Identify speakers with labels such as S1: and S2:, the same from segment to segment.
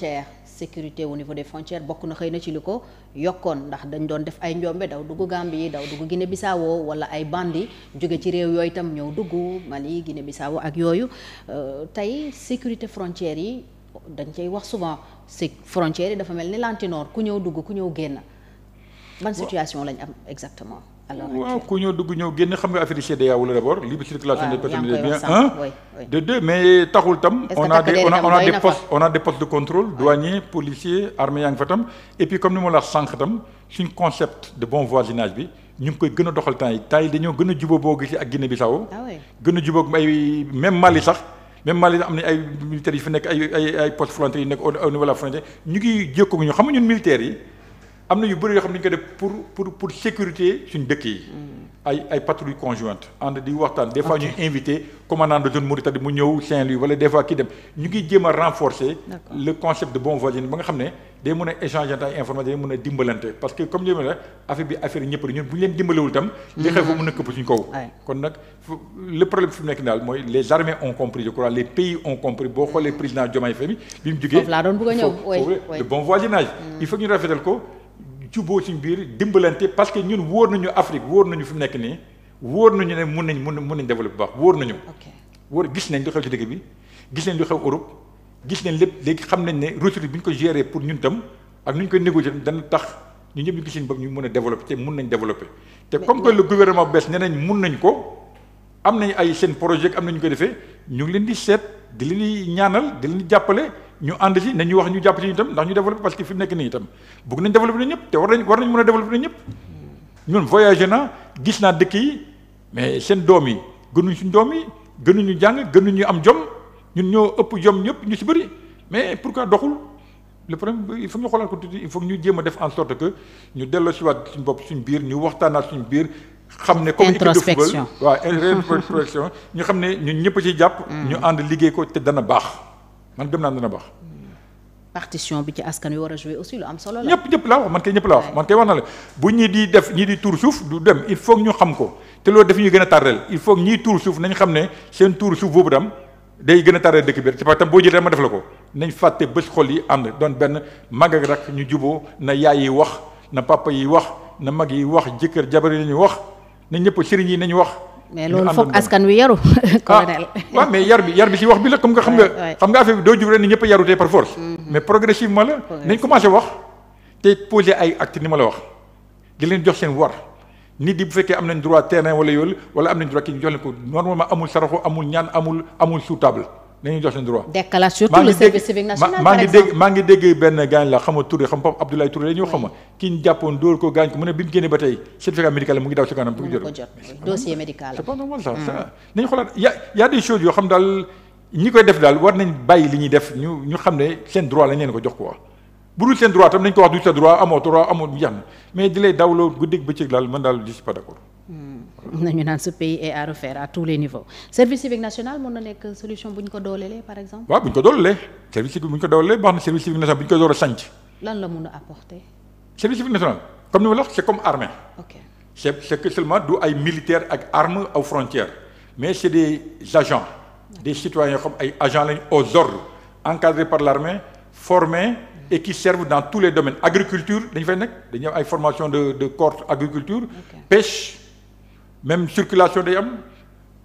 S1: cher sécurité au niveau des frontières bokk na xëy na ci li ko yokkoon ndax dañ doon def ay njombe daw dugg Gambie daw dugg Guinée Bissau wala ay bandi jóge ci réew yooyu itam ñëw dugg Mali Guinée Bissau ak yooyu euh, tey sécurité frontières yi dañ cay wax souvent c'est frontière yi dafa mel ni lantinoor ku ñëw dugg ku ñëw génn ban situation lañ am exactement.
S2: alors waaw ku ñëw dugg ñëw génn xam nga affaire CEDEAO la d' abord. libre circulation des personnes des biens un de deux mais taxul tam. on a des on a on a des postes de contrôle douaniers policiers armée yaa ngi fa tam. et puis comme ni ma la sànq tam suñ concept de bon voisinage bi ñu ngi koy gën a doxal temps yi temps yi dañoo gën a jubóo boo gisee ak Guinée Bissau. Ah gën a jubóo ay même Mali sax. même Mali am na ay militaires yi fi nekk ay ay ay postes yi nekk au niveau de la frontière ñu ñu xam nga ñun militaires yi am na yu bëri yoo xam ne dañu ko def pour pour pour sécurité suñ dëkk mm. ay ay patrouille conjointe ànd di waxtaan des fois ñuy invité commandant de zone mu ñëw Saint-Louis wala des fois kii dem ñu ngi jéem renforcer. le concept de bon voisin nga xam ne ay information day mën a dimbalante parce que comme li ma la affaire bi mu nekk daal mooy les armées ont compris je crois les pays ont compris jugee. foofu bon voisinage mm. il faut ñu rafetal ko juboo ci biir dimbalante parce que ñun wóor nañu Afrique wóor nañu fi mu nekk nii wóor nañu ne mun nañ mun mun nañ développer baax wóor nañu. wóor gis nañ lu xew ci dëkk bi gis nañ lu xew Europe gis nañ lépp léegi xam nañ ne ressource bi ñu ko gérer pour ñun tam ak nu ñu koy négocier dana tax ñu ñëpp ñu gis nañ bopp ñu mën a développer mun nañ développer. te comme que le gouvernement bees nee nañ mun nañ ko am nañ ay seen projet am nañu ko defee ñu ngi leen di seet di leen ñaanal di leen jàppale ñu ànd si ci nañu wax ñu jàpp ci itam ndax ñu développé parce que fi mu nekk nii itam bëgg nañ développé na ñëpp te war nañ mën a développé na ñëpp ñun voyagé na gis naa dëkk mais seen doom yi gënuñ suñ doom yi gënuñu jàng gënuñu am jom ñun ñoo ëpp jom ñëpp ñu si bëri mais pourquoi doxul le problème il faut ñu xoolaat ko tuuti il ñu jéem a def en sorte que ñu delloo si suñ bopp suñ biir ñu waxtaanaat suñ biir xam ne comme équipe de football waaw introspection ñu xam ne ñun ñëpp ci jàpp mm. ñu ànd liggéey ko te dana baax man gëm naa dina baax. partition bi ci askan wi
S1: war a jouer aussi lu solo la.
S2: ñëpp ñëpp laa wax man kay ñëpp laa wax man kay wax na la bu ñi di def ñi di suuf du dem il faut ñu xam ko te loolu daf ñuy gën a tardel il faut ñiy tuur suuf nañ xam ne seen tuur suuf boobu dem day gën a tardel dëkk bi rek parce boo jëlee ma def la ko nañ fàtte bés xol yi ànd doon benn mag ak ñu juboo na yaay yi wax na papa yi wax na mag yi wax jëkkër jabar yi ñu wax na ñëpp sëriñ yi nañu wax. mais loolu foog
S1: askan wi yaru. Ah, colonel
S2: waaw mais yar bi yar bi si wax bi la comme nga xam nga. xam nga affaire bi doo jub rek ni ñëpp yarutee par force. Mhm. mais progressivement la. nañ commencé wax te poser ay acte ni ma la wax di leen jox seen war. nit di bu fekkee am nañ droit terrain wala yoolu wala am nañ droit kii ñu jox leen ko normalement amul saraxo amul ñaan amul amul sous nañu jox seen droit.
S1: dekkalaat surtout le service civique national par exemple
S2: maa ngi dégg benn gaañ la xam nga xam Pape Abdoulaye Touré la ñu xam jàppoon dóor ko gaañ ko mu ne bi mu génnee ba tey certificat médical mu ngi daw ci kanam. mu mm. a a des li ñuy def ñu xam ne seen droit lañ leen ko droit tam nañ ko wax du sa droit amoo droit na mais di lay dawloo guddeeg bëccëg daal man daal je d'accord
S1: nañu naan ce pays est à refaire à tous les niveaux service civique national mën na nekk solution bu ko doolelee par exemple. waaw bu ñu ko doolelee
S2: service civique bu ñu national bu ñu ko door a sànc.
S1: lan a apporter.
S2: service civique national comme ni ma la wax c'est comme armée. ok c'est c'est que seulement du ay militaire arme aux frontières mais c'est des agents. des citoyens yoo ay agents lañ aux ordres encadrés par l'armée formés et qui servent dans tous les domaines agriculture dañu fay nekk dañuy am ay formation de de corps agriculture. Okay. même circulation day am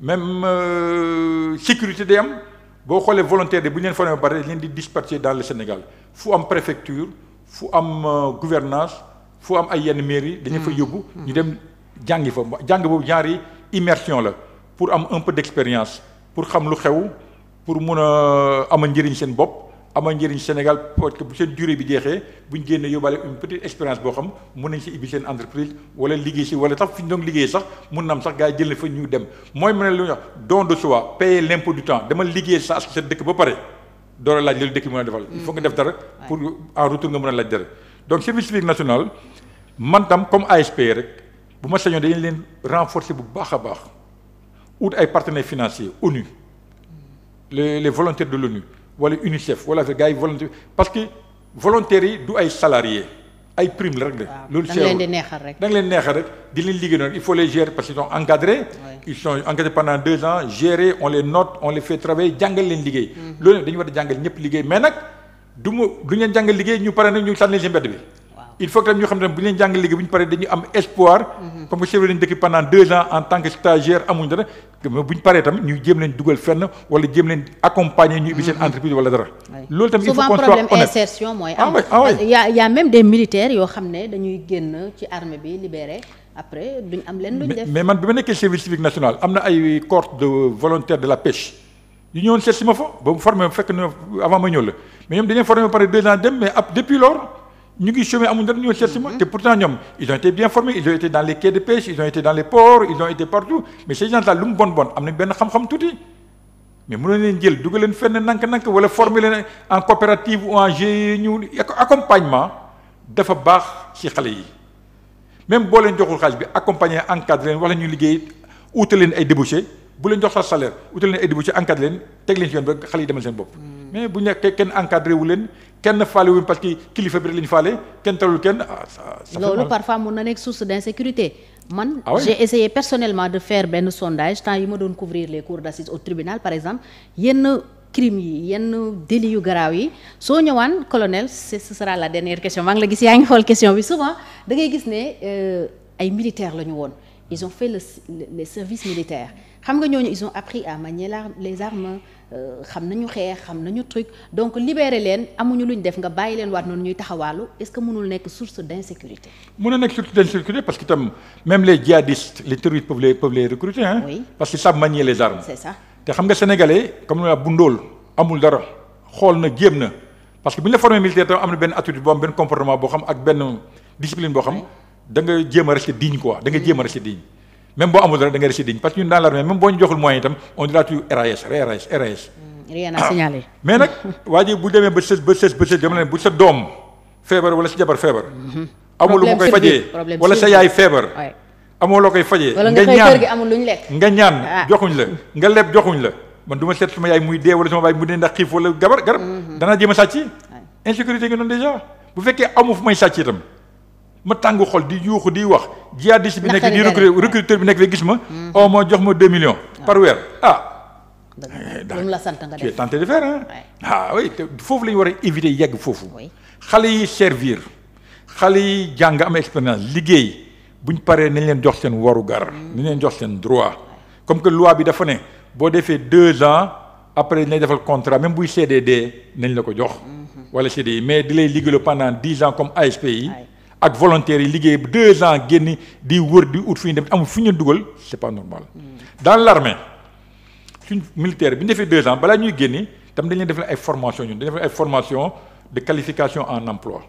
S2: même euh, sécurité day am boo xoolee volontaire de bu ñu leen formé ba pare leen di dispatcher dans le Sénégal fu am préfecture fu am euh, gouvernance fu am ay yenn mairie dañu fa mm. yóbbu mm. ñu dem jàngi fa jàng boobu genre yi immersion la pour am un peu d'expérience pour xam lu xew pour mun a am njëriñ seen bopp amal njëriñ Sénégal parce que bu seen durée bi jeexee bu ñu génnee yóbbaale une petite expérience boo xam mun nañ si ibbi seen entreprise wala liggéey si wala sax fi ñu doon liggéey sax mun na am sax gars yi jël na fa ñu dem mooy mu ne lu ñuy wax don de soi payer l'impôt du temps dama liggéey sa sa dëkk ba pare door a laaj loolu dëkk bi mën a defal. il nga def dara mm. pour en retour nga mën a laaj dara donc service civique national man tam comme ASP rek bu ma sañoon dañu leen renforcer bu baax a baax ut ay partenaires financiers ONU les les volontaires de l'ONU wala UNICEF wala gars parce que volontaires yi du ay salariés ay prime la rek la. loolu cherul da leen di neexal rek. leen neexal rek di leen liggéey noonu il faut les gérer parce qu'ils sont encadrés. ils sont encadrés pendant deux ans gérés on les note on les fait travailler jàngal leen liggéey. Mhm. loolu dañu war jàngal ñëpp liggéey mais nag du ma du ñu jàngal liggéey ñu pare nag ñu sànni si mbedd bi. il faut que ñu xam ne bu ñu leen jàng liggéey bu ñu paree dañu am espoir. Mhm. comme que chef lañ dëkk pendant deux ans en tant que stagiaire amuñ dara bu paree tamit ñu jéem leen dugal fenn wala jéem leen accompagner ñu ubbi seen mhm. entreprise wala dara. loolu tamit il faut qu'on soit honnête
S1: mooy ah am. ah oui y a y yoo xam ne dañuy génn ci armée bi libéré après duñ am leen. luñ def mais
S2: man bi ma nekkee service civique national am na ay corps la pêche. yu ñëwoon seet si ma fa ba mu fekk ma ñëw la mais ñu ngi chômé amul dara ñoo cherche ma mhm. te pourtant ñoom ils ont été bien formés ils ont été dans les quais de ils ont été dans les ports ils ont été partout mais ces gens là lu mu bon bon am nañ benn xam-xam tuuti mais mënoo leen jël dugal leen fenn nank-nank wala former leen en coopérative ou en GIE ñu accompagnement dafa baax ci xale yi même boo leen joxul xaalis bi accompagner encadré leen wax leen ñu liggéey utal leen ay débouché bu leen jox sa salaire utal leen ay débouché encadré leen teg leen ci yi demal seen bopp hmm. mais bu ñu encadré wu leen kenn faale wuñ parce que kilifa bi rek la ñu faale kenn talul kenn. Ah, loolu parfois
S1: mun na nekk source d' insécurité. man ah oui? personnellement de fair benn sondage temps yi ma doon couvrir les cours d' au tribunal par exemple yenn crimes yi yenn délits yu garaaw yi soo ñëwaan colonel ce sera la dernière question maa ngi la gis yaa ngi xool question bi souvent da ngay gis ne euh, ay militaires la ñu woon ils ont fait le le, le service militaire. xam nga ñooñu ils ont appris à manier les armes euh, xam nañu xeex xam nañu truc donc libérer leen amuñu luñ def nga bàyyi leen waat noonu ñuy taxawaalu est-ce que mënul nekk source d'insécurité.
S2: mën na nekk source d'insécurité parce que itam même les djihadistes les terroristes peuvent les peuvent les recruter hein. Oui. parce qu'ils savent manier les c'est ça te xam nga sénégalais comme la bu amul dara xool na jéem na parce que bu ñu la formé militaire tam am na benn attitude boo am benn comportement boo xam ak benn discipline boo xam da a nga jéem a rester digne. même boo amul dara da ngay rester digne parce que ñun dans l'armée mm, mais nag waa ji bu demee ba sës ba sës ba sës dama ne bu sa doom feebar wala sa jabar feebar. Mhm. amul lu mu koy fajee wala sa yaay feebar. amoo loo koy fajee. nga ñaan nga ah. ñaan joxuñ la nga leb joxuñ la man du ma seet sama yaay muy dee wala sama baay mu dee ndax xiif wala gabar garab. Mhm. dana jéem a sàcc. insécurité nga noonu déjà bu fekkee amu fu may sàcc itam ma tàng xol di yuuxu di wax jihadiste bi nekk di recruteur bi nekk fee gis ma hmm. oo oh, moo jox ma deux millions ah. par weer ah eh, la sant nga def tu ah foofu la ñu war a éviter yegg foofu xale yi servir xale yi jàng am expérience liggéey bu ñu paree nañ leen jox seen warugar hmm. nañ leen jox seen droit comme que loi bi dafa ne boo defee deux ans après nañ defal contrat même buy dee nañ la ko jox hmm. wala CDI mais di lay liggéeyaloo pendant dix ans comme ASP yi ak volontaires yi liggéey bu deux ans génn di wër di ut fu ñu dem amul fu ñu dugal c'est pas normal. Hmm. dans l'armée suñ militaire bi ñu defee deux ans balaa ñuy génni tam dañuy def ay formation ñun dañu def ay formation de qualification en emploi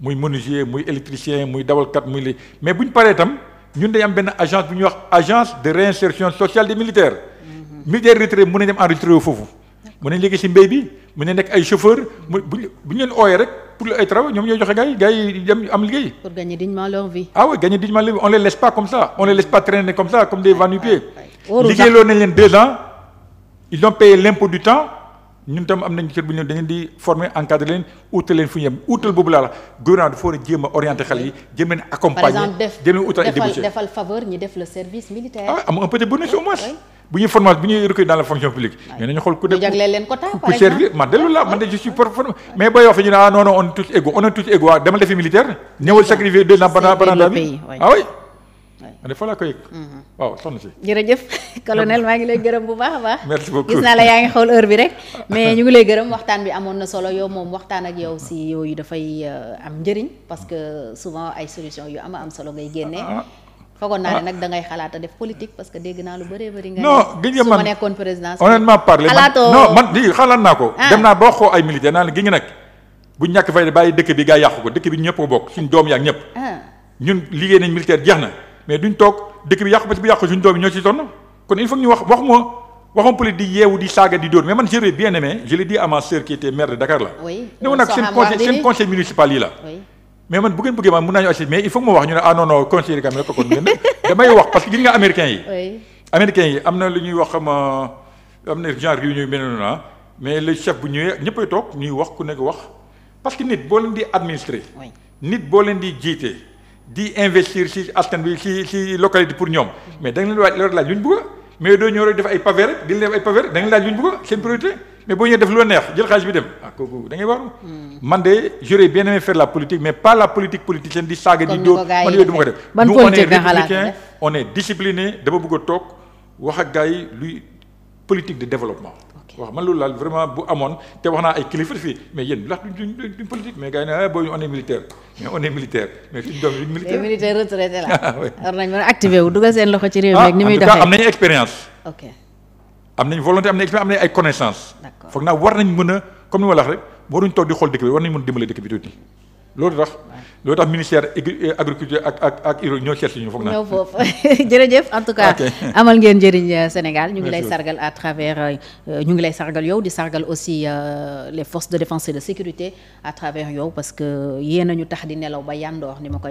S2: muy menuisier muy électricien muy dawalkat muy li mais bu ñu paree tam ñun dañu am benn agence bu ñu wax agence de réinsertion sociale des militaire hmm. militaire retraité mën nañu dem enregistré foofu. mën nañu liggéey ci mbéy bi mën nañu nekk ay chauffeur mu bu ñu leen ooyee rek. pour ay travaux ñoom ñooy joxe gars yi am liggéey. ah oui gagner dignement leur ah on les laisse comme ça on les laisse pas comme ça comme des va nu liggéey loo nañ leen deux ans ils ont payé l'impôt du temps ñu tam am nañu cër bu ñu dañu di former encadrer leen utal leen fu ñu utal boobu la gouvernement dafa war a jéem a orienter xale yi jéem leen accompagner. jéem leen utal ay débouchés par exemple defal
S1: defal faveur ñi def le service militaire. ah
S2: am un petit bonus au bu ñuy formation bu ñuy recruter dans la fonction publique. mais nañu xool ku de
S1: ku servir
S2: man la man de je suis performant mais booy wax fi ñu ne ah non on est tous on est tous égaux waaw demal defi militaire. ñëwal sacrifier deux ans pendant pendant la vie ah ko yëg. Mhm. waaw soxna si.
S1: jërëjëf colonel maa ngi lay gërëm bu baax baax.
S2: merci gis naa la yaa ngi
S1: xool heure bi rek. mais ñu ngi lay gërëm waxtaan bi amoon na solo yow moom waxtaan ak yow si yooyu dafay euh, am njëriñ parce que souvent ay solution yu am am solo ngay génnee. Ah. foogoon naa ne nag da ngay xalaat def politique parce que dégg naa lu bëree bëri. nga non gis man
S2: xalaat naa ko. Ah. dem naa boo xoo ay militaire naa ne gi nga nag bu ñàkk fay bàyyi dëkk bi gaa yàqu ko dëkk bi ñëpp ko bokk suñ doom yaak ñëpp. Ah. ñun liggéey nañ militaire jeex na mais duñ toog dëkk bi yàqu parce que bu yàqu suñ doom yi ñoo ci tonn kon il faut ñu wax wax ma waxoon pële di yeewu di saaga di dóor mais man j'aurais bien ne woon nag seen conseil mais man bu ngeen bëggee man mën naa ñu mais il faut que wax ñu ne ah non non conseiller ko kon damay wax parce que nga américain yi. am na lu ñuy wax xam am na genre réunion yi mel noonu ah mais le chef bu ñëwee ñëppay toog ñuy wax ku nekk wax parce que nit boo leen di administrer. nit boo leen di jiite di investir ci askan bi ci ci localité pour ñoom. mais da nga leen di laaj loolu laaj lu mais doo ñëw rek def ay pavé rek di leen def ay laaj lu ñu bëgg mais boo ñëwee def lu neex jël xaalis bi dem ah, man de j'aurais bien aimé faire la politique mais pas la politique politicienne di saaga di dóor du ma ko def nous on est dama bëgg a toog wax a gars yi luy politique de développement waaw man loolu laal vraiment bu amoon te wax naa ay kilifa fii mais yéen ndax duñ duñ politique mais gars yi ne ah, booy on est militaire mais on est militaire
S1: ah, dugal seen loxo ci réew mi. ni muy doxee am nañu
S2: expérience. am nañ volonté am na am ay connaissance foog naa war nañ mën a comme ni ma la wax rek waruñ toog di xool dëkk bi war nañ mën a dimbale dëkk bi loolu tax loolu tax ministère euh, agriculture ak ak ñoo seet si ñu foog naa. ñëw
S1: foofu jërëjëf en tout cas. amal ngeen njëriñ euh, Sénégal ñu ngi lay sargal à travers euh, ñu ngi lay sargal yow di sargal aussi les forces de défense et de sécurité à travers yow parce que yéen ñu tax di nelaw ba yandoor ni ma koy.